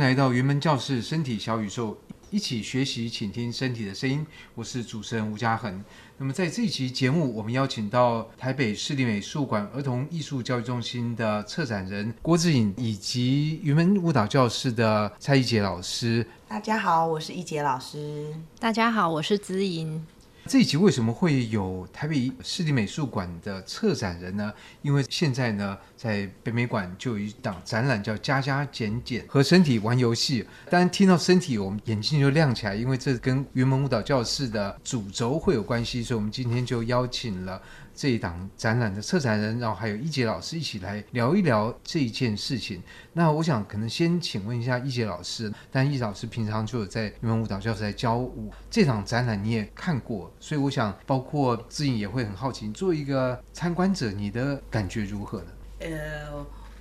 來到雲門教室，身體小宇宙，一起學習，傾聽身體的聲音。我是主持人吳家恆。那麼，在這期節目，我們邀請到台北市立美術館兒童藝術教育中心的策展人郭姿瑩，以及雲門舞蹈教室的蔡依潔老師。大家好，我是依潔老師。大家好，我是姿瑩。這一集為什麼會有台北市立美術館的策展人呢？因為現在呢，在北美館就有一檔展覽叫《加加減減和身體玩遊戲》。當然聽到“身體”，我們眼睛就亮起來，因為這跟雲門舞蹈教室的主軸會有關係，所以我們今天就邀請了。這一檔展覽的策展人，然後還有依潔老師一起來聊一聊這一件事情。那我想可能先請問一下依潔老師，但依潔老師平常就有在雲門舞蹈教室來教舞，這場展覽你也看過，所以我想包括姿瑩也會很好奇，作為一個參觀者，你的感覺如何呢？哎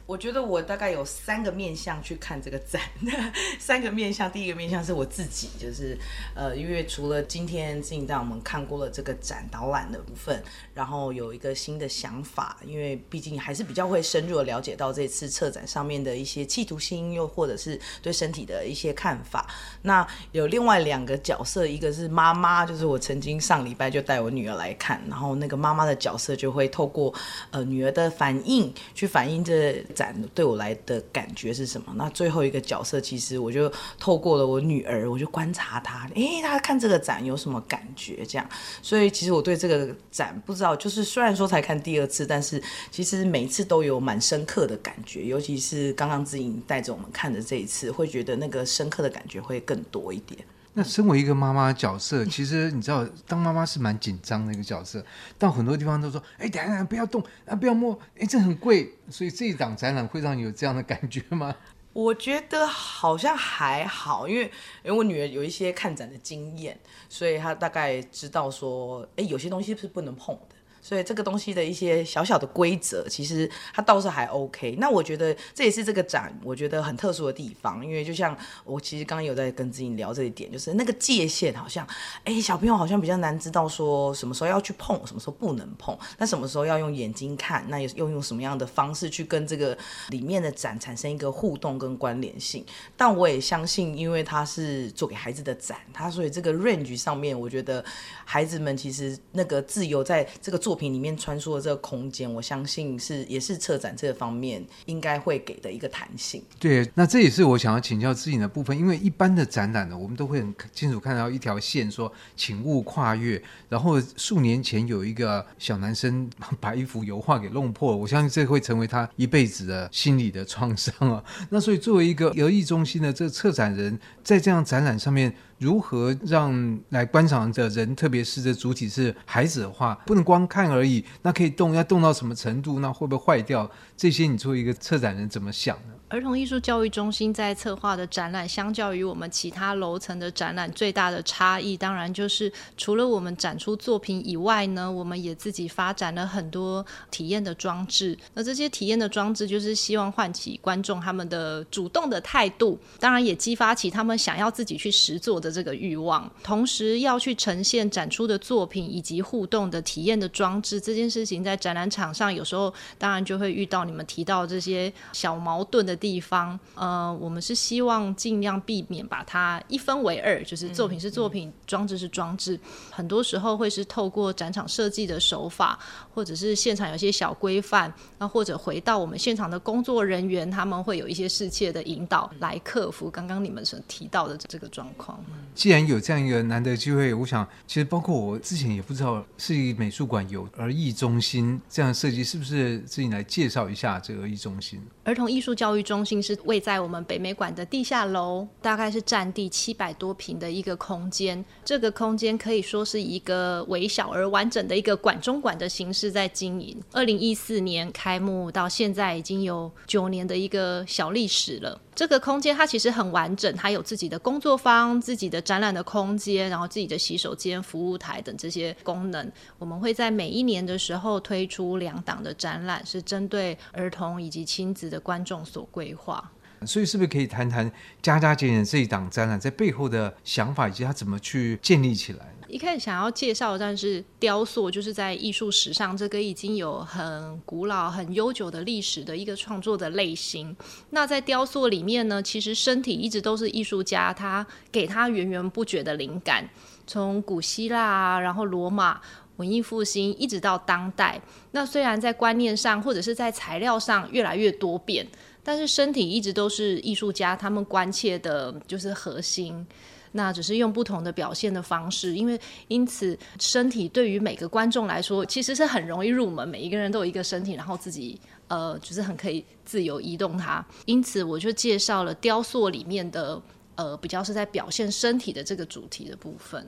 我覺得我大概有三個面向去看這個展。 三個面向，第一個面向是我自己，就是呃，因為除了今天自己帶我們看過了這個展導覽的部分，然後有一個新的想法，因為畢竟還是比較會深入的了解到這次策展上面的一些企圖心，又或者是對身體的一些看法。那有另外兩個角色，一個是媽媽，就是我曾經上禮拜就帶我女兒來看，然後那個媽媽的角色就會透過呃女兒的反應去反映這。展對我來的感覺是什麼？那最後一個角色，其實我就透過了我女兒，我就觀察她，誒，她看這個展有什麼感覺？這樣，所以其實我對這個展不知道，就是雖然說才看第二次，但是其實每一次都有蠻深刻的感覺，尤其是剛剛姿瑩帶着我們看的這一次，會覺得那個深刻的感覺會更多一點。那身為一個媽媽的角色，其實你知道，當媽媽是蠻緊張的一個角色。到很多地方都說：“哎，等下等下，不要動，啊，不要摸，哎，這很貴。”所以這一檔展覽會讓你有這樣的感覺嗎？我覺得好像還好，因為因為我女兒有一些看展的經驗，所以她大概知道說：“哎，有些東西是不能碰的。”所以這個東西的一些小小的規則，其實它倒是還 OK。那我覺得這也是這個展我覺得很特殊的地方，因為就像我其實剛剛有在跟姿瑩聊這一點，就是那個界限，好像，哎、欸，小朋友好像比較難知道說什麼時候要去碰，什麼時候不能碰，那什麼時候要用眼睛看，那又用什麼樣的方式去跟這個裡面的展產生一個互動跟關聯性？但我也相信，因為它是做給孩子的展，他所以這個 range 上面，我覺得孩子們其實那個自由在這個作品品裡面穿梭的這個空間，我相信是也是策展這方面應該會給的一個彈性。對，那這也是我想要請教姿瑩的部分，因為一般的展覽呢，我們都會很清楚看到一條線說請勿跨越。然後數年前有一個小男生把一幅油畫給弄破，我相信這會成為他一輩子的心理的創傷啊。那所以作為一個兒藝中心的這個策展人，在這樣展覽上面。如何讓來觀賞的人，特別是這主體是孩子的話，不能光看而已，那可以動，要動到什麼程度？那會不會壞掉？這些你作為一個策展人怎麼想呢？兒童藝術教育中心在策劃的展覽，相較於我們其他樓層的展覽，最大的差異當然就是除了我們展出作品以外呢，我們也自己發展了很多體驗的裝置。那這些體驗的裝置就是希望喚起觀眾他們的主動的態度，當然也激發起他們想要自己去實作的這個慾望。同時要去呈現展出的作品以及互動的體驗的裝置這件事情，在展覽場上有時候當然就會遇到你們提到這些小矛盾的地方，呃，我們是希望盡量避免把它一分為二，就是作品是作品，嗯嗯，裝置是裝置。很多時候會是透過展場設計的手法，或者是現場有些小規範，那、啊、或者回到我們現場的工作人員，他們會有一些適切的引導來克服剛剛你們所提到的這個狀況。既然有這樣一個難得的機會，我想其實包括我之前也不知道，是一美術館有兒藝中心這樣設計，是不是自己來介紹一下這個兒藝中心？兒童藝術教育。中心是位在我們北美館的地下樓，大概是占地七百多坪的一個空間。這個空間可以說是一個微小而完整的一個館中館的形式在經營。二零一四年開幕到現在已經有九年的一個小歷史了。這個空間它其實很完整，它有自己的工作坊、自己的展覽的空間，然後自己的洗手間、服務台等這些功能。我們會在每一年的時候推出兩檔的展覽，是針對兒童以及親子的觀眾所規劃。所以是不是可以談談《加加減減》這一檔展覽在背後的想法，以及它怎麼去建立起來？一開始想要介紹的，但是雕塑就是在藝術史上這個已經有很古老、很悠久的歷史的一個創作的類型。那在雕塑裡面呢，其實身體一直都是藝術家他給他源源不絕的靈感。從古希臘，然後羅馬文藝復興，一直到當代。那雖然在觀念上或者是在材料上越來越多變，但是身體一直都是藝術家他們關切的就是核心。那只是用不同的表現的方式，因為因此身體對於每個觀眾來說其實是很容易入門，每一個人都有一個身體，然後自己呃就是很可以自由移動它。因此我就介紹了雕塑裡面的呃比較是在表現身體的這個主題的部分。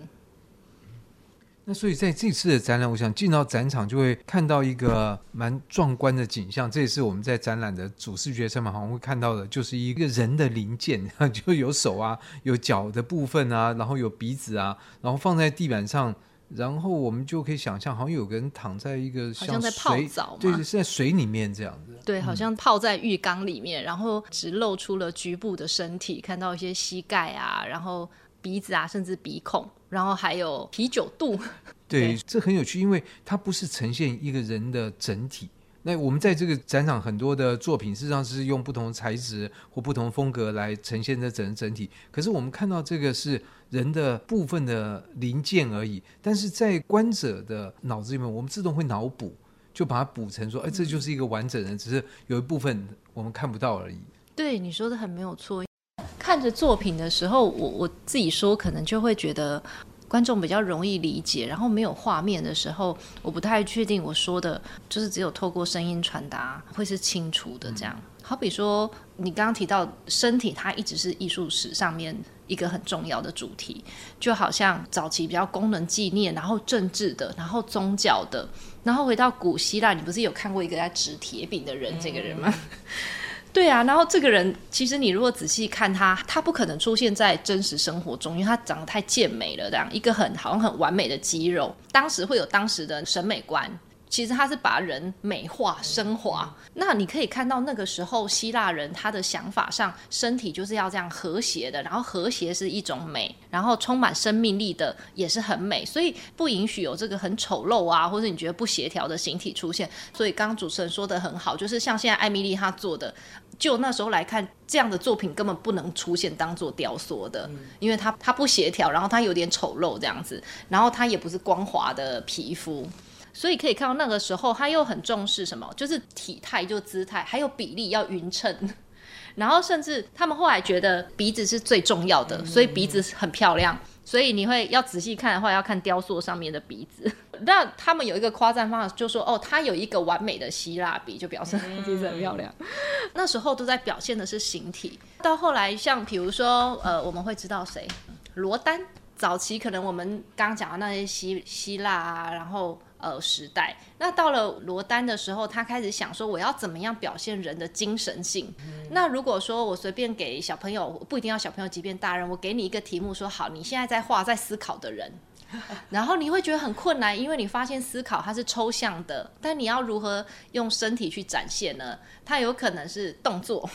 那所以在這次的展覽，我想進到展場就會看到一個蠻壯觀的景象。這也是我們在展覽的主視覺上面，好像會看到的就是一個人的零件，就有手啊，有腳的部分啊，然後有鼻子啊，然後放在地板上，然後我們就可以想象，好像有個人躺在一個，好像在泡澡嗎？對對，是在水裡面這樣子，對，好像泡在浴缸裡面，嗯，然後只露出了局部的身體，看到一些膝蓋啊，然後鼻子啊，甚至鼻孔。然後還有啤酒肚，對，這很有趣，因為它不是呈現一個人的整體。那我們在這個展場很多的作品，事實上是用不同材質或不同風格來呈現這整整體。可是我們看到這個是人的部分的零件而已，但是在觀者的腦子裡面，我們自動會腦補，就把它補成說，哎，這就是一個完整人，只是有一部分我們看不到而已。對，你說的很沒有錯。看着作品的時候，我我自己說可能就會覺得觀眾比較容易理解。然後沒有畫面的時候，我不太確定我說的就是只有透過聲音傳達會是清楚的。這樣、嗯，好比說你剛剛提到身體，它一直是藝術史上面一個很重要的主題。就好像早期比較功能紀念，然後政治的，然後宗教的，然後回到古希臘，你不是有看過一個在擲鐵餅的人、嗯、這個人嗎？對啊，然後這個人其實你如果仔細看他，他不可能出現在真實生活中，因為他長得太健美了，這樣一個很好像很完美的肌肉，當時會有當時的審美觀。其實他是把人美化升華。那你可以看到那個時候希臘人他的想法上，身體就是要這樣和諧的，然後和諧是一種美，然後充滿生命力的也是很美，所以不允許有這個很醜陋啊，或者你覺得不協調的形體出現。所以剛剛主持人說的很好，就是像現在艾米麗她做的，就那時候來看，這樣的作品根本不能出現當做雕塑的，因為它它不協調，然後它有點醜陋這樣子，然後它也不是光滑的皮膚。所以可以看到那個時候，他又很重視什麼？就是體態，就是、姿態，還有比例要勻稱。 然後甚至他們後來覺得鼻子是最重要的，所以鼻子很漂亮。所以你會要仔細看的話，要看雕塑上面的鼻子。 那他們有一個誇讚方法，就說：“哦，他有一個完美的希臘鼻，就表示鼻子很漂亮。 ”那時候都在表現的是形體。到後來，像比如說，呃，我們會知道誰？羅丹。早期可能我們剛剛講的那些希希臘、啊，然後。呃，時代。那到了羅丹的時候，他開始想說，我要怎麼樣表現人的精神性？嗯、那如果說我隨便給小朋友，不一定要小朋友，即便大人，我給你一個題目說，說好，你現在在畫在思考的人， 然後你會覺得很困難，因為你發現思考它是抽象的，但你要如何用身體去展現呢？它有可能是動作，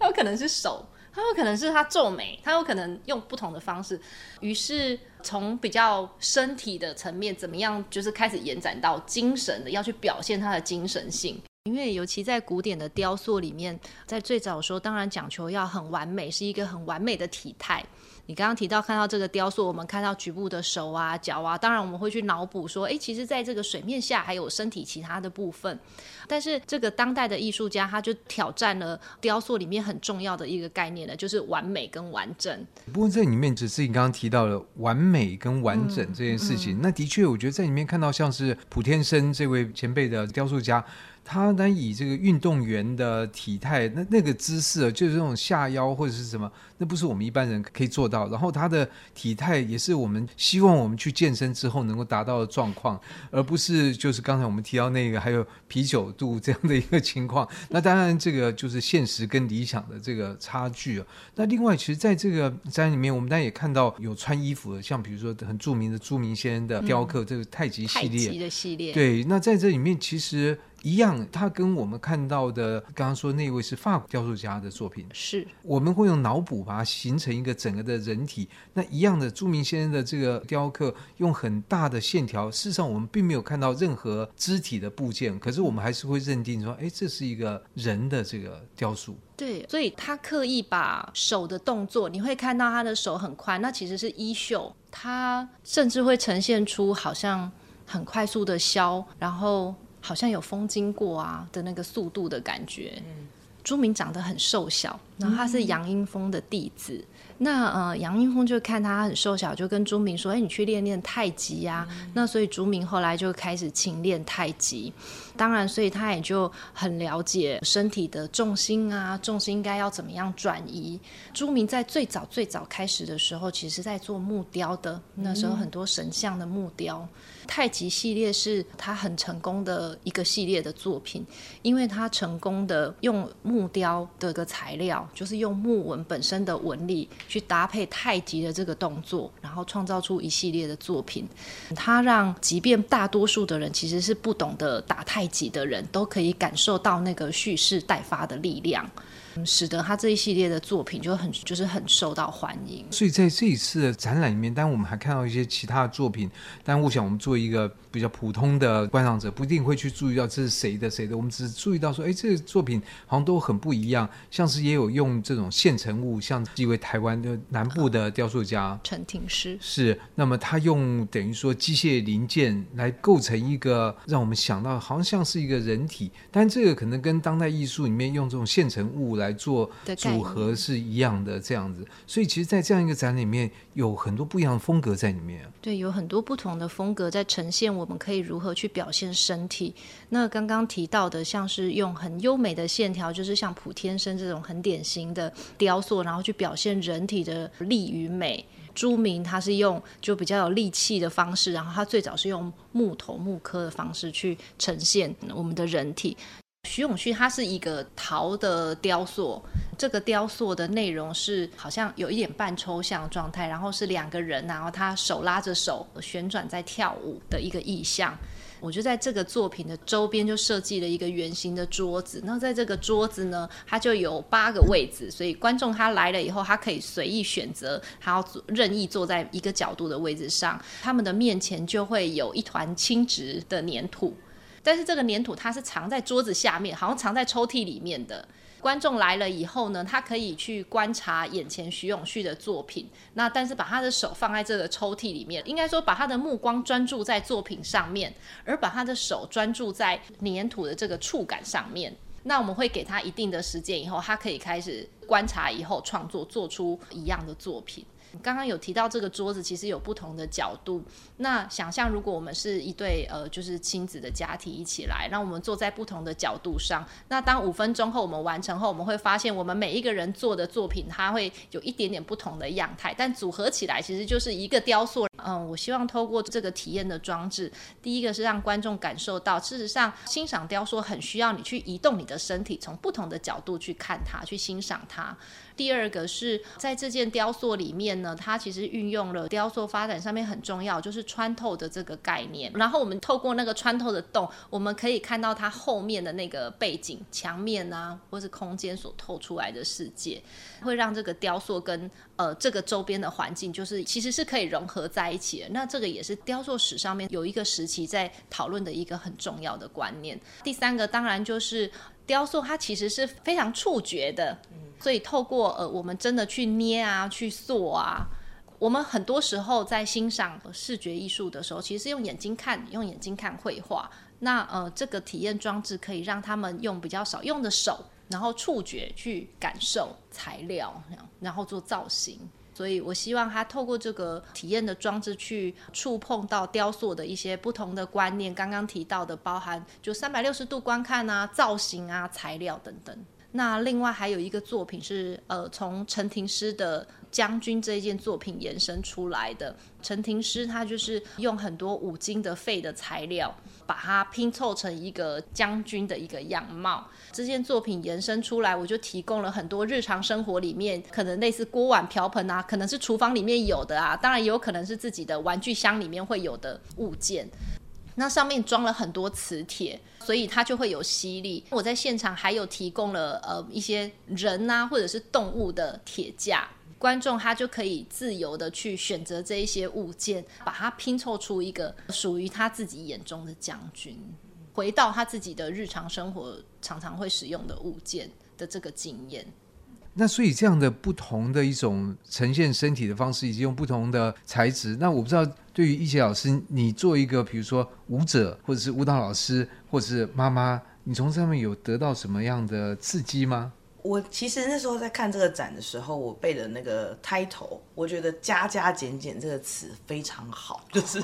它、嗯、 有可能是手。他有可能是他皺眉，他有可能用不同的方式，於是從比較身體的層面，怎麼樣，就是開始延展到精神的，要去表現他的精神性。因為尤其在古典的雕塑裡面，在最早的時候，當然講求要很完美，是一個很完美的體態。你剛剛提到看到這個雕塑，我們看到局部的手啊、腳啊，當然我們會去腦補說，哎，其實在這個水面下還有身體其他的部分。但是這個當代的藝術家他就挑戰了雕塑裡面很重要的一個概念呢，就是完美跟完整。不過在裡面只是你剛剛提到了完美跟完整這件事情，嗯嗯、那的確我覺得在裡面看到像是蒲添生這位前輩的雕塑家。他他以這個運動員的體態，那那個姿勢、啊、就是那種下腰或者是什麼，那不是我們一般人可以做到。然後他的體態也是我們希望我們去健身之後能夠達到的狀況，而不是就是剛才我們提到那個還有啤酒肚這樣的一個情況。那當然這個就是現實跟理想的這個差距、啊、那另外，其實在這個展裡面，我們當然也看到有穿衣服的，像比如說很著名的朱銘先生的雕刻、嗯、這個太極系列，太極的系列。對，那在這裡面其實一樣，他跟我們看到的，剛剛說那位是法國雕塑家的作品，是我們會用腦補把它形成一個整個的人體。那一樣的朱銘先生的這個雕刻，用很大的線條，事實上我們並沒有看到任何肢體的部件，可是我們還是會認定說，哎、欸，這是一個人的這個雕塑。對，所以他刻意把手的動作，你會看到他的手很寬，那其實是衣袖。他甚至會呈現出好像很快速的削，然後。好像有風經過啊的那個速度的感覺。嗯、朱銘長得很瘦小，然後他是楊英風的弟子。嗯、那呃，楊英風就看他很瘦小，就跟朱銘說：“哎，你去練練太極呀、啊。嗯”那所以朱銘後來就開始勤練太極。當然，所以他也就很了解身體的重心啊，重心應該要怎麼樣轉移。嗯、朱銘在最早最早開始的時候，其實在做木雕的，那時候很多神像的木雕。嗯嗯太極系列是他很成功的一個系列的作品，因為他成功的用木雕的一個材料，就是用木紋本身的紋理去搭配太極的這個動作，然後創造出一系列的作品。他讓即便大多數的人其實是不懂得打太極的人都可以感受到那個蓄勢待發的力量。嗯、使得他這一系列的作品就很就是很受到歡迎。所以在這一次的展覽裡面，當然我們還看到一些其他的作品。但我想，我們作為一個比較普通的觀賞者，不一定會去注意到這是誰的誰的。我們只是注意到說，哎、欸，這個、作品好像都很不一樣，像是也有用這種現成物，像一位台灣的南部的雕塑家陳、呃、庭詩是。那麼他用等於說機械零件來構成一個讓我們想到好像，像是一個人體，但這個可能跟當代藝術裡面用這種現成物來。來做組合是一樣的，這樣子，所以其實，在這樣一個展裡面，有很多不一樣的風格在裡面。對，有很多不同的風格在呈現，我們可以如何去表現身體。那剛剛提到的，像是用很優美的線條，就是像普天生這種很典型的雕塑，然後去表現人體的力與美。朱銘他是用就比較有力氣的方式，然後他最早是用木頭、木刻的方式去呈現我們的人體。徐永旭，他是一個陶的雕塑，這個雕塑的內容是好像有一點半抽象狀態，然後是兩個人，然後他手拉着手旋轉在跳舞的一個意象。我就在這個作品的周邊就設計了一個圓形的桌子，那在這個桌子呢，它就有八個位置，所以觀眾他來了以後，他可以隨意選擇，他要任意坐在一個角度的位置上，他們的面前就會有一團輕質的粘土。但是這個粘土，它是藏在桌子下面，好像藏在抽屜裡面的。觀眾來了以後呢，他可以去觀察眼前徐永旭的作品。那但是把他的手放在這個抽屜裡面，應該說，把他的目光專注在作品上面，而把他的手專注在粘土的這個觸感上面。那我們會給他一定的時間以後，他可以開始觀察以後創作，做出一樣的作品。剛剛有提到這個桌子其實有不同的角度，那想象，如果我們是一對呃就是親子的家庭一起來，讓我們坐在不同的角度上。那當五分鐘後我們完成後，我們會發現我們每一個人做的作品，它會有一點點不同的樣態，但組合起來其實就是一個雕塑。嗯，我希望透過這個體驗的裝置，第一個是讓觀眾感受到，事實上欣賞雕塑很需要你去移動你的身體，從不同的角度去看它，去欣賞它。第二個是在這件雕塑裡面呢，它其實運用了雕塑發展上面很重要，就是穿透的這個概念。然後我們透過那個穿透的洞，我們可以看到它後面的那個背景牆面啊，或是空間所透出來的世界，會讓這個雕塑跟呃這個周邊的環境，就是其實是可以融合在一起的。那這個也是雕塑史上面有一個時期在討論的一個很重要的觀念。第三個當然就是雕塑它其實是非常觸覺的。所以透過呃，我們真的去捏啊，去塑啊。我們很多時候在欣賞視覺藝術的時候，其實是用眼睛看，用眼睛看繪畫。那呃，這個體驗裝置可以讓他們用比較少用的手，然後觸覺去感受材料，然後做造型。所以我希望他透過這個體驗的裝置去觸碰到雕塑的一些不同的觀念。剛剛提到的，包含就三百六十度觀看啊，造型啊，材料等等。那另外還有一個作品是，呃，從陳庭詩的將軍這一件作品延伸出來的。陳庭詩他就是用很多五金的廢的材料，把它拼湊成一個將軍的一個樣貌。這件作品延伸出來，我就提供了很多日常生活裡面可能類似鍋碗瓢盆啊，可能是廚房裡面有的啊，當然也有可能是自己的玩具箱裡面會有的物件。那上面裝了很多磁鐵，所以它就會有吸力。我在現場還有提供了呃一些人啊或者是動物的鐵架，觀眾他就可以自由的去選擇這一些物件，把它拼湊出一個屬於他自己眼中的將軍，回到他自己的日常生活常常會使用的物件的這個經驗。那所以這樣的不同的一種呈現身體的方式，以及用不同的材質，那我不知道。對於一些老師，你做一個比如說舞者，或者是舞蹈老師，或者是媽媽，你從上面有得到什麼樣的刺激嗎？我其實那時候在看這個展的時候，我背的那個 title，我覺得“加加減減”這個詞非常好，就是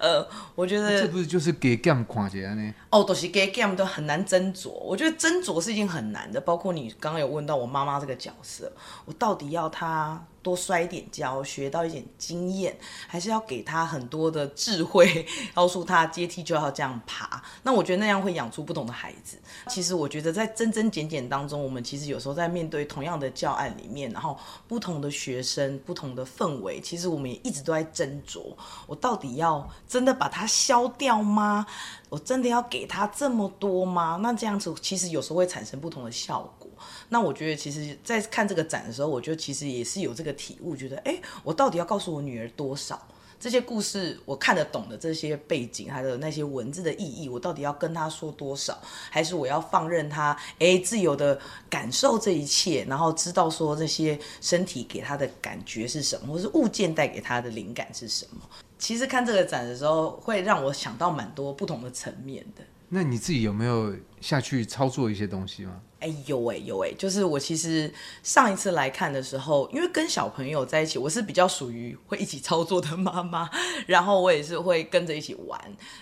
呃，我覺得這不是就是給 game 看一下呢？哦，都、就是給 game 都很難斟酌，我覺得斟酌是一件很難的。包括你剛剛有問到我媽媽這個角色，我到底要她。多摔點跤，學到一點經驗，還是要給他很多的智慧，告訴他階梯就要這樣爬。那我覺得那樣會養出不同的孩子。其實我覺得在加加減減當中，我們其實有時候在面對同樣的教案裡面，然後不同的學生、不同的氛圍，其實我們也一直都在斟酌：我到底要真的把它削掉嗎？我真的要給他這麼多嗎？那這樣子其實有時候會產生不同的效果。那我覺得，其實，在看這個展的時候，我覺得其實也是有這個體悟，覺得，哎，我到底要告訴我女兒多少？這些故事，我看得懂的，這些背景，還有那些文字的意義，我到底要跟她說多少？還是我要放任她，哎，自由地感受這一切，然後知道說這些身體給她的感覺是什麼，或是物件帶給她的靈感是什麼？其實看這個展的時候，會讓我想到蠻多不同的層面的。那你自己有沒有下去操作一些東西嗎？哎，有欸，有欸，就是我其實上一次來看的時候，因為跟小朋友在一起，我是比較屬於會一起操作的媽媽，然後我也是會跟着一起玩。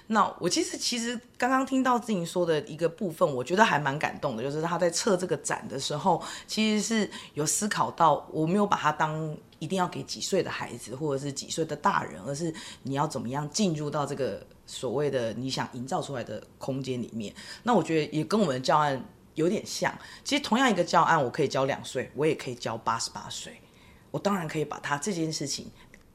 那我其實其實剛剛聽到姿瑩說的一個部分，我覺得還蠻感動的，就是他在策這個展的時候，其實是有思考到，我沒有把它當一定要給幾歲的孩子或者是幾歲的大人，而是你要怎麼樣進入到這個。所謂的你想營造出來的空間裡面，那我覺得也跟我們的教案有點像。其實同樣一個教案，我可以教兩歲，我也可以教八十八歲，我當然可以把它這件事情。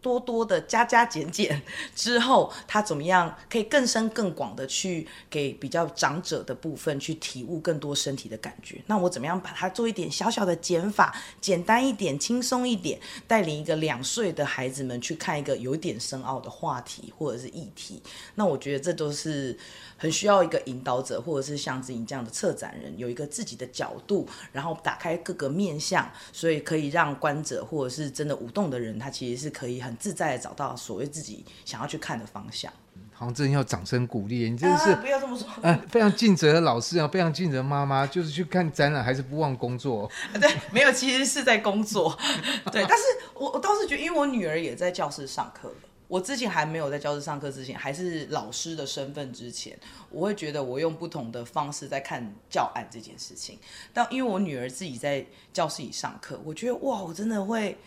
多多的加加減減之後，他怎麼樣可以更深更廣的去給比較長者的部分去體悟更多身體的感覺？那我怎麼樣把它做一點小小的減法，簡單一點，輕鬆一點，帶領一個兩歲的孩子們去看一個有點深奧的話題或者是議題？那我覺得這都是很需要一個引導者，或者是像姿瑩這樣的策展人，有一個自己的角度，然後打開各個面向，所以可以讓觀者或者是真的舞動的人，他其實是可以很。自在找到所謂自己想要去看的方向。嗯、好像真的要掌聲鼓勵。你真的是、啊、不要這麼說。嗯、 呃，非常盡責的老師啊，非常盡責的媽媽，就是去看展覽，還是不忘工作、啊。對，沒有，其實是在工作。 對，但是我我倒是覺得，因為我女兒也在教室上課了。我之前還沒有在教室上課之前，還是老師的身份之前，我會覺得我用不同的方式在看教案這件事情。但因為我女兒自己在教室裡上課，我覺得哇，我真的會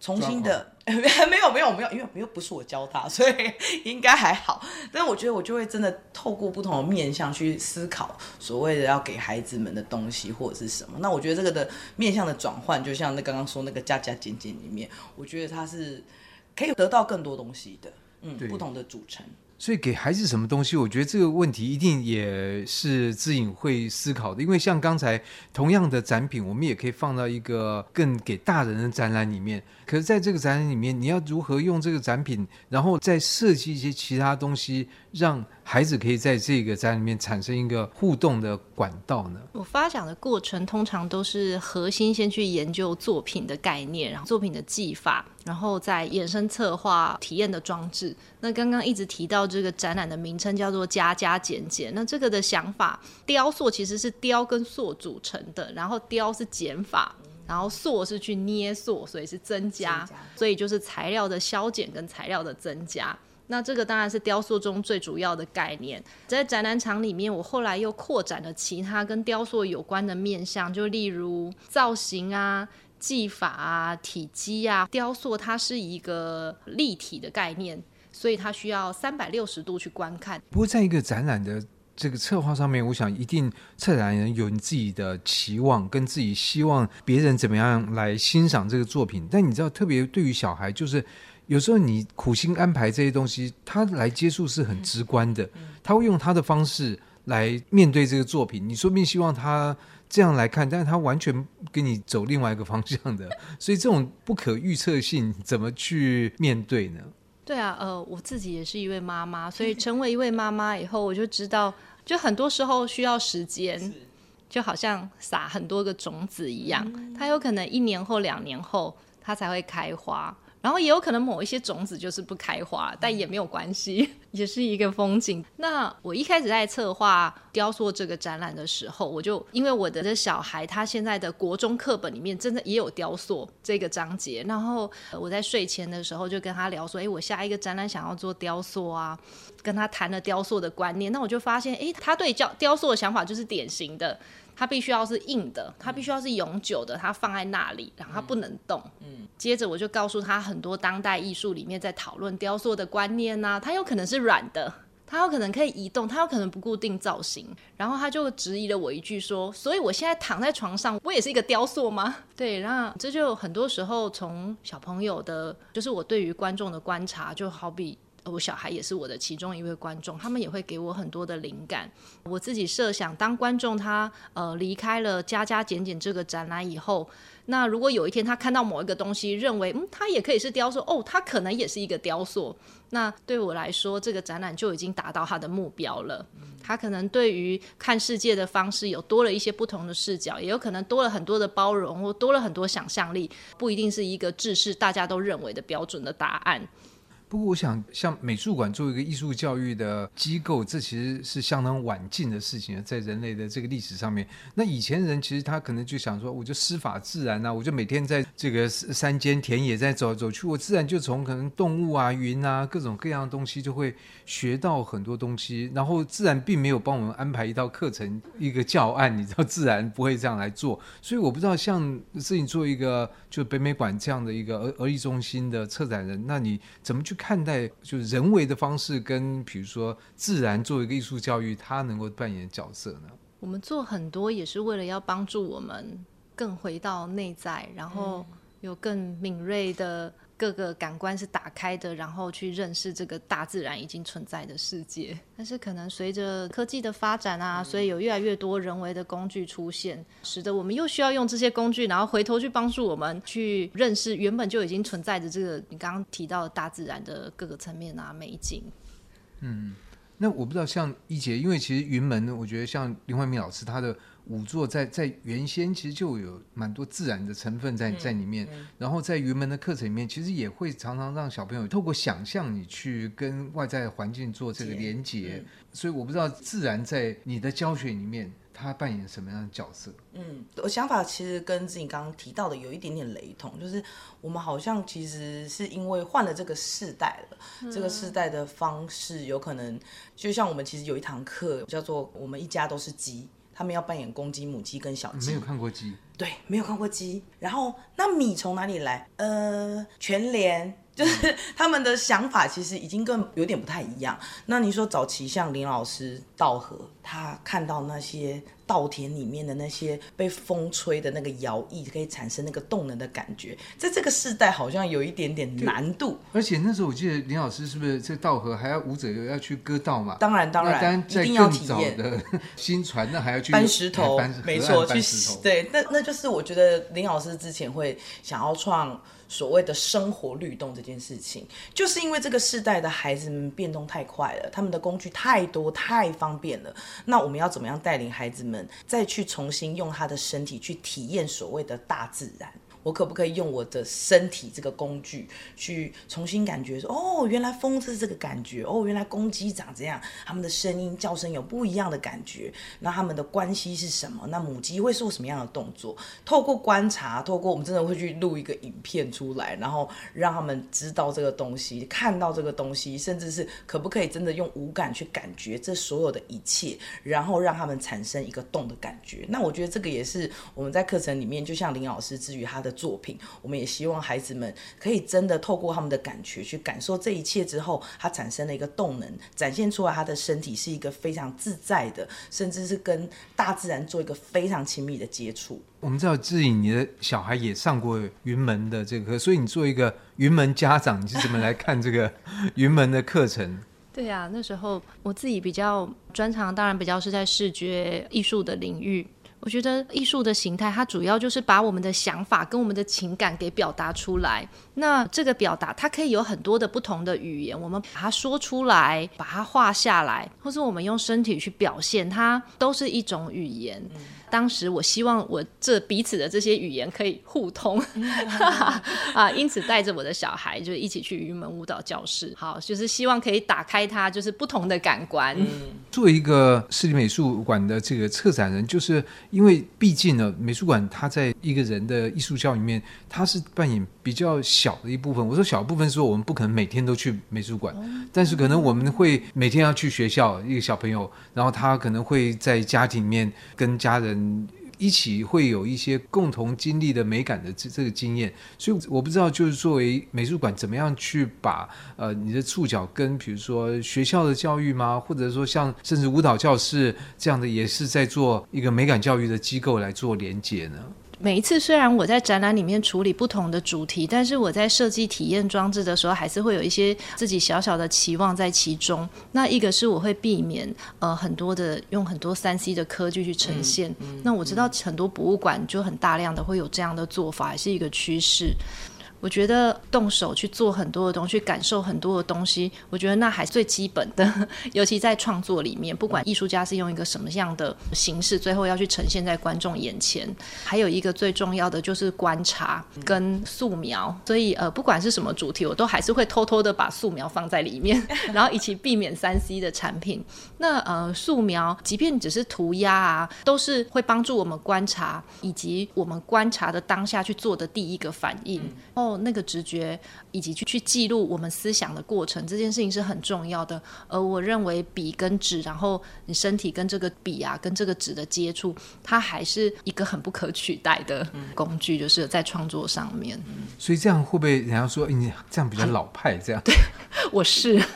重新的。欸、沒有沒有沒有，沒有，因為又不是我教他，所以應該還好。但是我覺得我就會真的透過不同的面向去思考，所謂的要給孩子們的東西或者是什麼。那我覺得這個的面向的轉換，就像那剛剛說那個加加減減裡面，我覺得它是可以得到更多東西的。嗯，不同的組成。所以給孩子什麼東西，我覺得這個問題一定也是姿瑩會思考的。因為像剛才同樣的展品，我們也可以放到一個更給大人的展覽裡面。可是，在這個展覽裡面，你要如何用這個展品，然後再設計一些其他東西，讓孩子可以在這個展覽裡面產生一個互動的管道呢？我發展的過程通常都是核心先去研究作品的概念，然後作品的技法，然後再延伸策劃體驗的裝置。那剛剛一直提到。這個展覽的名稱叫做“加加減減”。那這個的想法，雕塑其實是雕跟塑組成的。然後雕是減法，然後塑是去捏塑，所以是增加，所以就是材料的削減跟材料的增加。那這個當然是雕塑中最主要的概念。在展覽場裡面，我後來又擴展了其他跟雕塑有關的面向，就例如造型啊、技法啊、體積啊。雕塑它是一個立體的概念。所以他需要三百六十度去觀看。不過，在一個展覽的這個策劃上面，我想一定策展人有你自己的期望，跟自己希望別人怎麼樣來欣賞這個作品。但你知道，特別對於小孩，就是有時候你苦心安排這些東西，他來接觸是很直觀的，他會用他的方式來面對這個作品。你說不定希望他這樣來看，但是他完全跟你走另外一個方向的，所以這種不可預測性怎麼去面對呢？對啊，呃，我自己也是一位媽媽，所以成為一位媽媽以後，我就知道，就很多時候需要時間，就好像撒很多個種子一樣，嗯、它有可能一年後、兩年後，它才會開花。然後也有可能某一些種子就是不開花，但也沒有關係，也是一個風景。嗯。那我一開始在策劃雕塑這個展覽的時候，我就因為我的小孩他現在的國中課本裡面真的也有雕塑這個章節，然後我在睡前的時候就跟他聊說，誒，我下一個展覽想要做雕塑啊，跟他談了雕塑的觀念，那我就發現，哎，他對雕雕塑的想法就是典型的。它必須要是硬的，它必須要是永久的，它放在那裡，然後它不能動。嗯，嗯，接著我就告訴他很多當代藝術裡面在討論雕塑的觀念吶、啊，它有可能是軟的，它有可能可以移動，它有可能不固定造型。然後他就質疑了我一句說：“所以我現在躺在床上，我也是一個雕塑嗎？”對，那這就很多時候從小朋友的，就是我對於觀眾的觀察，就好比。我小孩也是我的其中一位觀眾，他們也會給我很多的靈感。我自己設想，當觀眾他呃離開了《加加減減》這個展覽以後，那如果有一天他看到某一個東西，認為嗯，他也可以是雕塑，哦，他可能也是一個雕塑。那對我來說，這個展覽就已經達到他的目標了。他可能對於看世界的方式有多了一些不同的視角，也有可能多了很多的包容，或多了很多想象力。不一定是一個制式，大家都認為的標準的答案。不過我想，像美術館作為一個藝術教育的機構，這其實是相當晚近的事情的，在人類的這個歷史上面。那以前人其實他可能就想說，我就師法自然啊，我就每天在這個山山間田野在走走去，我自然就從可能動物啊、雲啊各種各樣的東西就會學到很多東西。然後自然並沒有幫我們安排一道課程、一個教案，你知道，自然不會這樣來做。所以我不知道，像是你做一個就北美館這樣的一個兒兒童中心的策展人，那你怎麼去？看待就是人為的方式，跟比如說自然作為一個藝術教育，它能夠扮演角色呢？我們做很多也是為了要幫助我們更回到內在，然後有更敏銳的。各個感官是打開的，然後去認識這個大自然已經存在的世界。但是，可能隨着科技的發展啊、嗯，所以有越來越多人為的工具出現，使得我們又需要用這些工具，然後回頭去幫助我們去認識原本就已經存在的這個你剛剛提到的大自然的各個層面啊，美景。嗯，那我不知道，像依潔，因為其實雲門，我覺得像林懷民老師他的。五座在在原先其實就有蠻多自然的成分在、嗯、在裡面、嗯，然後在雲門的課程裡面，其實也會常常讓小朋友透過想象，你去跟外在的環境做這個連接、嗯。所以我不知道自然在你的教學裡面，它扮演什麼樣的角色？嗯，我想法其實跟自己剛剛提到的有一點點雷同，就是我們好像其實是因為換了這個世代了，嗯、這個世代的方式有可能，就像我們其實有一堂課叫做“我們一家都是雞”。他們要扮演公雞、母雞跟小雞，沒有看過雞。對，沒有看過雞。然後那米從哪裡來？呃，全聯就是、嗯、他們的想法其實已經跟有點不太一樣。那你說早期像林老師道合、道和。他看到那些稻田裡面的那些被風吹的那個搖曳，可以產生那個動能的感覺，在這個世代好像有一點點難度。而且那時候我記得林老師是不是在稻禾還要舞者要去割稻嘛？當然當然,當然更早的，一定要體驗。薪傳那還要去搬石頭，沒錯，去洗頭對，那那就是我覺得林老師之前會想要創所謂的生活律動這件事情，就是因為這個世代的孩子們變動太快了，他們的工具太多太方便了。那我們要怎麼樣帶領孩子們再去重新用他的身體去體驗所謂的大自然？我可不可以用我的身體這個工具去重新感覺說哦，原來風是這個感覺哦，原來公雞長這樣，他們的聲音叫聲有不一樣的感覺，那他們的關係是什麼？那母雞會做什麼樣的動作？透過觀察，透過我們真的會去錄一個影片出來，然後讓他們知道這個東西，看到這個東西，甚至是可不可以真的用五感去感覺這所有的一切，然後讓他們產生一個動的感覺。那我覺得這個也是我們在課程裡面，就像林老師之於他的。作品，我們也希望孩子們可以真的透過他們的感覺去感受這一切之後，他產生了一個動能，展現出來他的身體是一個非常自在的，甚至是跟大自然做一個非常親密的接觸。我們知道姿瑩你的小孩也上過雲門的這個課，所以你做一個雲門家長，你，就是怎麼來看這個 雲門的課程？對啊，那時候我自己比較專長，當然比較是在視覺藝術的領域。我覺得藝術的形態，它主要就是把我們的想法跟我們的情感給表達出來。那這個表達，它可以有很多的不同的語言。我們把它說出來，把它畫下來，或是我們用身體去表現，它都是一種語言。嗯當時我希望我這彼此的這些語言可以互通 啊，因此帶着我的小孩就一起去雲門舞蹈教室，好，就是希望可以打開他就是不同的感官。作、嗯、為一個市立美術館的這個策展人，就是因為畢竟呢，美術館它在一個人的藝術教育裡面，它是扮演。比較小的一部分，我說小部分是說我們不可能每天都去美術館，嗯、但是可能我們會每天要去學校、嗯，一個小朋友，然後他可能會在家庭裡面跟家人一起會有一些共同經歷的美感的這這個經驗，所以我不知道就是作為美術館怎麼樣去把呃你的觸角跟比如說學校的教育嗎，或者說像甚至舞蹈教室這樣的也是在做一個美感教育的機構來做連接呢？每一次雖然我在展覽裡面處理不同的主題，但是我在設計體驗裝置的時候，還是會有一些自己小小的期望在其中。那一個是我會避免呃很多的用很多三 C 的科技去呈現。嗯嗯嗯。那我知道很多博物館就很大量的會有這樣的做法，還是一個趨勢。我覺得動手去做很多的東西，感受很多的東西，我覺得那還是最基本的。尤其在創作裡面，不管藝術家是用一個什麼樣的形式，最後要去呈現在觀眾眼前，還有一個最重要的就是觀察跟素描。所以呃，不管是什麼主題，我都還是會偷偷的把素描放在裡面，然後一起避免三 C 的產品。那呃，素描，即便只是塗鴉啊，都是會幫助我們觀察，以及我們觀察的當下去做的第一個反應哦，嗯、那個直覺，以及去去記錄我們思想的過程，這件事情是很重要的。而我認為筆跟紙，然後你身體跟這個筆啊，跟這個紙的接觸，它還是一個很不可取代的工具，嗯、就是在創作上面。所以這樣會不會人家說你這樣比較老派？嗯、這樣對我是。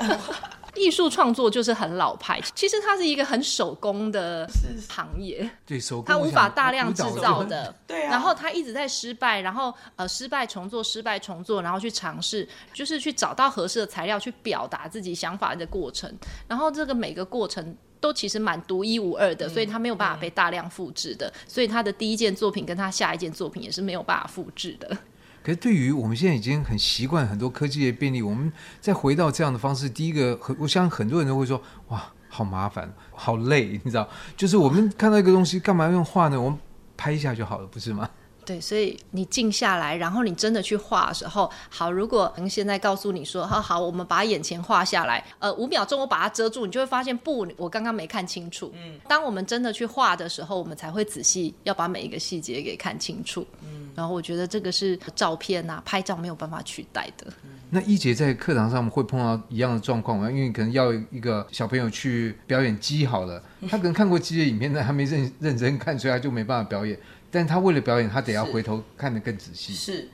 藝術創作就是很老派，其實它是一個很手工的行業，是是是對，手工，它無法大量製造的，對啊。然後它一直在失敗，然後呃失敗重做，失敗重做，然後去嘗試，就是去找到合適的材料去表達自己想法的過程。然後這個每個過程都其實蠻獨一無二的，嗯，所以他沒有辦法被大量複製的，嗯。所以他的第一件作品跟他下一件作品也是沒有辦法複製的。可是，對於我們現在已經很習慣很多科技的便利，我們再回到這樣的方式，第一個，很，我相信很多人都會說：哇，好麻煩，好累，你知道？就是我們看到一個東西，幹嘛要用畫呢？我們拍一下就好了，不是嗎？對，所以你靜下來，然後你真的去畫的時候，好，如果，嗯、現在告訴你說，好好，我們把眼前畫下來，呃，五秒鐘我把它遮住，你就會發現不，我剛剛沒看清楚。嗯，當我們真的去畫的時候，我們才會仔細要把每一個細節給看清楚。嗯，然後我覺得這個是照片啊，拍照沒有辦法取代的。那依潔在課堂上會碰到一樣的狀況嗎？因為可能要一個小朋友去表演雞好了，他可能看過雞的影片，但還沒認認真看，所以他就沒辦法表演。 但他為了表演，他得要回頭看得更仔細。是，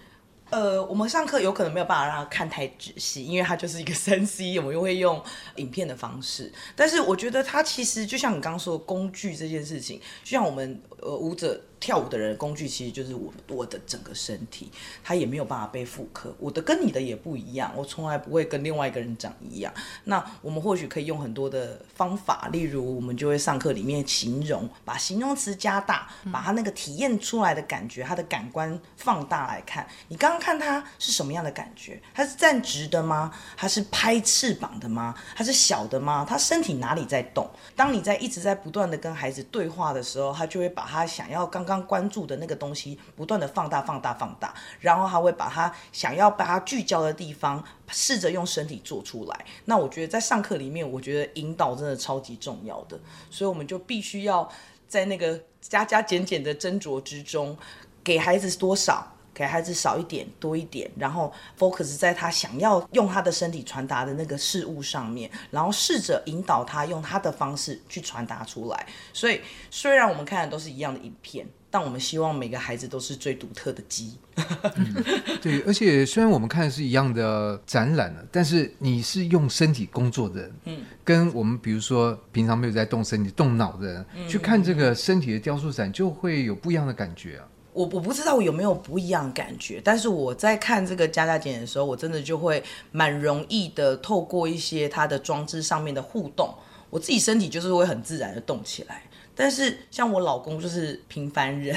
呃，我們上課有可能沒有辦法讓他看太仔細，因為他就是一個三 C，我們又會用影片的方式。但是我覺得他其實就像你剛剛說的工具這件事情，就像我們呃舞者。跳舞的人工具其實就是我的我的整個身體，他也沒有辦法被複刻。我的跟你的也不一樣，我從來不會跟另外一個人長一樣。那我們或許可以用很多的方法，例如我們就會上課裡面形容，把形容詞加大，把他那個體驗出來的感覺，他的感官放大來看。你剛剛看他是什麼樣的感覺？他是站直的嗎？他是拍翅膀的嗎？他是小的嗎？他身體哪裡在動？當你在一直在不斷的跟孩子對話的時候，他就會把他想要剛剛。關注的那個東西，不斷的放大、放大、放大，然後他會把他想要把它聚焦的地方，試着用身體做出來。那我覺得在上課裡面，我覺得引導真的超級重要的，所以我們就必須要在那個加加減減的斟酌之中，給孩子多少，給孩子少一點、多一點，然後 focus 在他想要用他的身體傳達的那個事物上面，然後試着引導他用他的方式去傳達出來。所以雖然我們看的都是一樣的影片。但我們希望每個孩子都是最獨特的雞、 嗯。對，而且雖然我們看的是一樣的展覽了，但是你是用身體工作的人，嗯，跟我們比如說平常沒有在動身體、動腦的人、嗯、去看這個身體的雕塑展，就會有不一樣的感覺啊。我我不知道我有沒有不一樣的感覺，但是我在看這個加加減減的時候，我真的就會蠻容易的透過一些它的裝置上面的互動，我自己身體就是會很自然的動起來。但是像我老公，就是平凡人，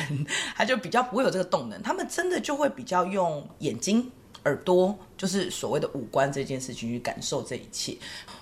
他就比較不會有這個動能，他們真的就會比較用眼睛、耳朵，就是所謂的五官這件事情去感受這一切。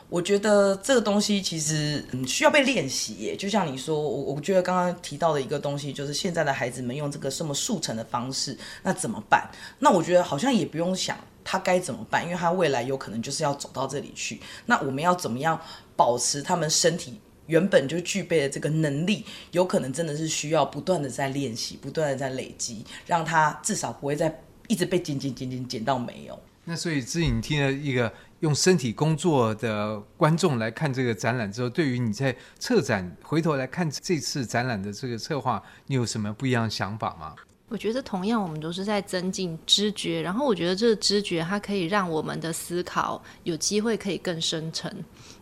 我覺得這個東西其實，嗯，需要被練習耶。就像你說，我我覺得剛剛提到的一個東西，就是現在的孩子們用這個什麼速成的方式，那怎麼辦？那我覺得好像也不用想他該怎麼辦，因為他未來有可能就是要走到這裡去。那我們要怎麼樣保持他們身體？原本就具備的這個能力，有可能真的是需要不斷的在練習，不斷的在累積，讓他至少不會再一直被剪剪剪剪,剪,剪到沒有。那所以，姿瑩你聽了一個用身體工作的觀眾來看這個展覽之後，對於你在策展回頭來看這次展覽的這個策劃，你有什麼不一樣的想法嗎？我覺得同樣，我們都是在增進知覺，然後我覺得這個知覺它可以讓我們的思考有機會可以更深沉，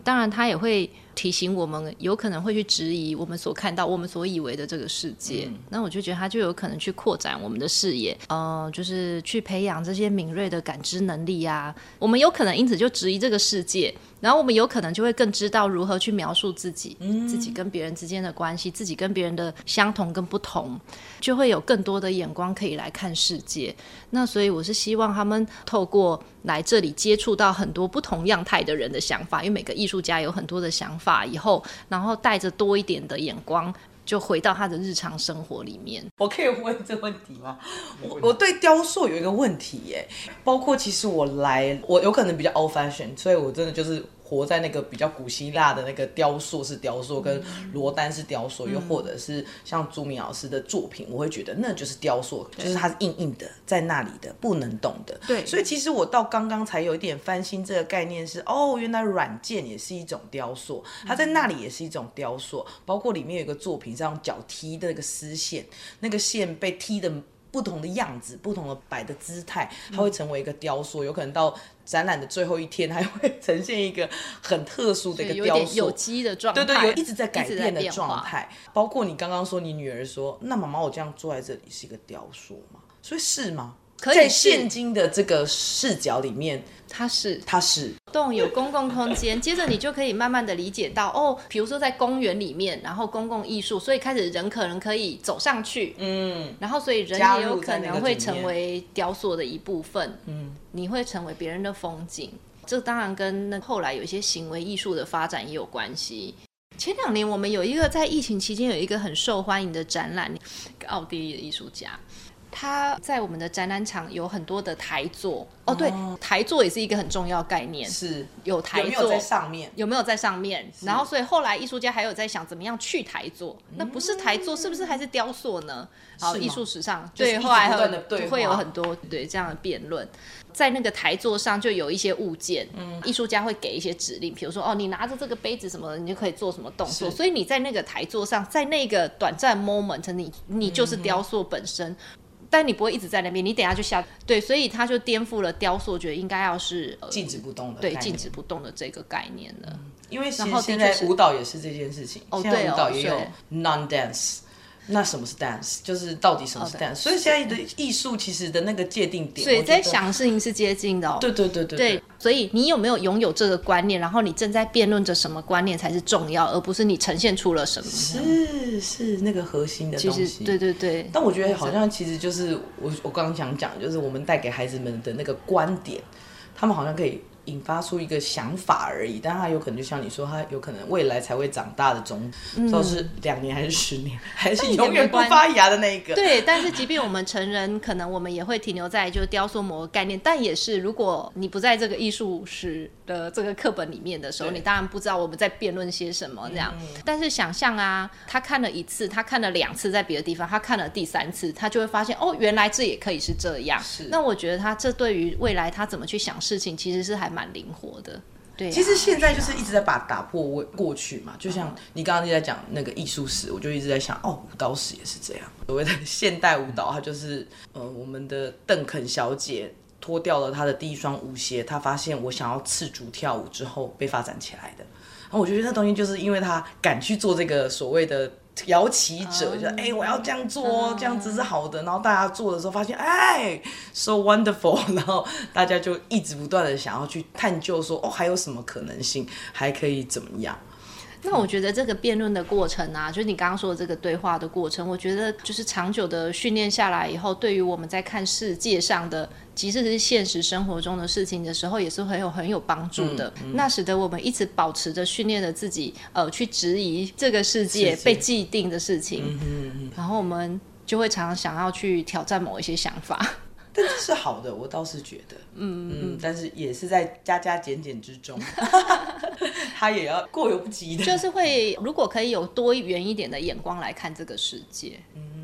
當然它也會。提醒我們有可能會去質疑我們所看到、我們所以為的這個世界，嗯。那我就覺得他就有可能去擴展我們的視野，嗯、呃，就是去培養這些敏銳的感知能力啊。我們有可能因此就質疑這個世界，然後我們有可能就會更知道如何去描述自己，嗯，自己跟別人之間的關係，自己跟別人的相同跟不同，就會有更多的眼光可以來看世界。那所以我是希望他們透過來這裡接觸到很多不同樣態的人的想法，因為每個藝術家有很多的想法。法以後，然後帶着多一點的眼光，就回到他的日常生活裡面。我可以問這問題嗎？我我對雕塑有一個問題耶，包括其實我來，我有可能比較 old fashion，所以我真的就是。活在那個比較古希臘的那個雕塑是雕塑，跟羅丹是雕塑，又或者是像朱銘老師的作品，我會覺得那就是雕塑，就是它是硬硬的在那裡的，不能動的。對，所以其實我到剛剛才有一點翻新這個概念，是哦，原來軟件也是一種雕塑，它在那裡也是一種雕塑，包括裡面有一個作品是用腳踢的那個絲線，那個線被踢的。不同的樣子，不同的擺的姿態，它會成為一個雕塑。嗯、有可能到展覽的最後一天，還會呈現一個很特殊的一個雕塑，有機的狀態。對，對對，有一直在改變的狀態。包括你剛剛說，你女兒說：“那媽媽，我這樣坐在這裡是一個雕塑嗎？”所以是嗎？可以在現今的這個視角裡面，它是它是動有公共空間， 接着你就可以慢慢的理解到哦，比如說在公園裡面，然後公共藝術，所以開始人可能可以走上去，嗯，然後所以人也有可能會成為雕塑的一部分，嗯，你會成為別人的風景，這當然跟那後來有一些行為藝術的發展也有關係。前兩年我們有一個在疫情期間有一個很受歡迎的展覽，奧地利的藝術家。他在我們的展覽場有很多的台座哦，對、嗯，台座也是一個很重要概念，是有台座在在上面，有沒有在上面？然後，所以後來藝術家還有在想怎麼樣去台座，嗯，那不是台座，是不是還是雕塑呢？好，藝術史上對、就是的對，後來會會有很多對這樣的辯論，在那個台座上就有一些物件，嗯，藝術家會給一些指令，譬如說哦，你拿着這個杯子什麼的，你就可以做什麼動作，所以你在那個台座上，在那個短暫 moment，你你就是雕塑本身。嗯但你不會一直在那邊，你等一下就下。對，所以他就顛覆了雕塑，覺得應該要是呃、靜止不動的，對，靜止不動的這個概念了。嗯、因為其實現在舞蹈也是這件事情，嗯、哦，哦，對，舞蹈也有 non dance。那什麼是 dance？就是到底什麼是 dance？Oh, 所以現在的藝術其實的那個界定點，對我在想的事情是接近的哦。 對對對對，對。對，所以你有沒有擁有這個觀念？然後你正在辯論着什麼觀念才是重要，而不是你呈現出了什麼？是是那個核心的東西。其實對對對。但我覺得好像其實就是我我剛剛想講，就是我們帶給孩子們的那個觀點，他們好像可以。引發出一個想法而已，但他有可能就像你說，他有可能未來才會長大的種子，嗯，就是兩年還是十年，還是永遠不發芽的那一個。 對，但是即便我們成人， 可能我們也會停留在就是雕塑某個概念，但也是如果你不在這個藝術史的這個課本裡面的時候，你當然不知道我們在辯論些什麼這樣。嗯、但是想象啊，他看了一次，他看了兩次，在別的地方，他看了第三次，他就會發現哦，原來這也可以是這樣。是。那我覺得他這對於未來他怎麼去想事情，其實是還。蠻靈活的，對、啊。其實現在就是一直在把打破過過去嘛、嗯，就像你剛剛在講那個藝術史、嗯，我就一直在想，哦，舞蹈史也是這樣。所謂的現代舞蹈，嗯、它就是呃，我們的鄧肯小姐脫掉了她的第一雙舞鞋，她發現我想要赤足跳舞之後被發展起來的。然後我覺得那東西就是因為她敢去做這個所謂的。搖旗者、um, 就哎、欸，我要這樣做，okay. 這樣子是好的。然後大家做的時候發現，哎、欸，so wonderful。然後大家就一直不斷的想要去探究說，說哦，還有什麼可能性，還可以怎麼樣？那我覺得這個辯論的過程啊，就是你剛剛說的這個對話的過程，我覺得就是長久的訓練下來以後，對於我們在看世界上的，即使是現實生活中的事情的時候，也是很有很有幫助的。嗯嗯。那使得我們一直保持着訓練的自己，呃，去質疑這個世界被既定的事情，然後我們就會常常想要去挑戰某一些想法。 但是是好的，我倒是覺得，嗯嗯，但是也是在加加減減之中，他也要過猶不及的，就是會如果可以有多元一點的眼光來看這個世界，嗯。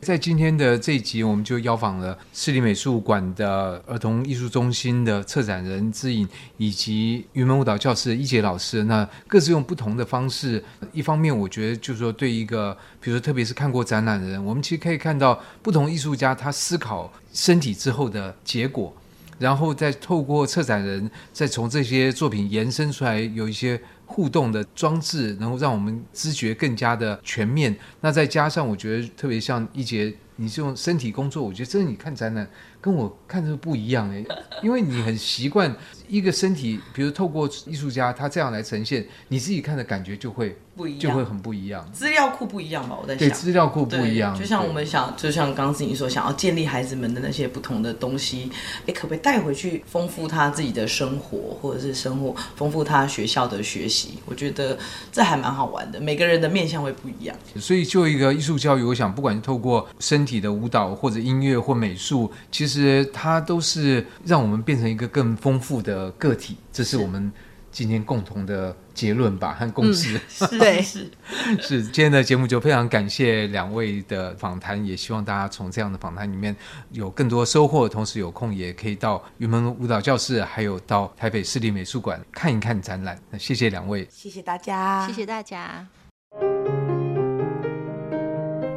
在今天的這一集，我們就邀訪了市立美術館的兒童藝術中心的策展人姿瑩，以及雲門舞蹈教室的依潔老師。那各自用不同的方式，一方面我覺得就是說，對一個，比如說，特別是看過展覽的人，我們其實可以看到不同藝術家他思考身體之後的結果，然後再透過策展人，再從這些作品延伸出來有一些。互動的裝置能夠讓我們知覺更加的全面，那再加上我覺得特別像一節，你是用身體工作，我覺得真的你看展覽跟我看的不一樣，欸、因為你很習慣。一個身體，比如透過藝術家，他這樣來呈現，你自己看的感覺就會不一樣，就會很不一樣。資料庫不一樣吧？我在想，對，資料庫不一樣。就像我們想，就像剛剛說你說，想要建立孩子們的那些不同的東西，你可不可以帶回去豐富他自己的生活，或者是生活豐富他學校的學習？我覺得這還蠻好玩的。每個人的面向會不一樣，所以就一個藝術教育，我想不管是透過身體的舞蹈，或者音樂，或美術，其實它都是讓我們變成一個更豐富的。呃，個體，這是我們今天共同的結論吧，和共識。嗯、是是 是，今天的節目就非常感謝兩位的訪談，也希望大家從這樣的訪談裡面有更多收穫，同時有空也可以到雲門舞蹈教室，還有到台北市立美術館看一看展覽。那謝謝兩位，謝謝大家，謝謝大家。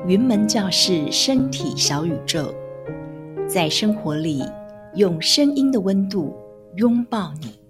雲門教室，身體小宇宙，在生活裡用聲音的溫度擁抱你。